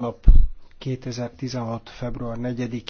nap 2016. február 4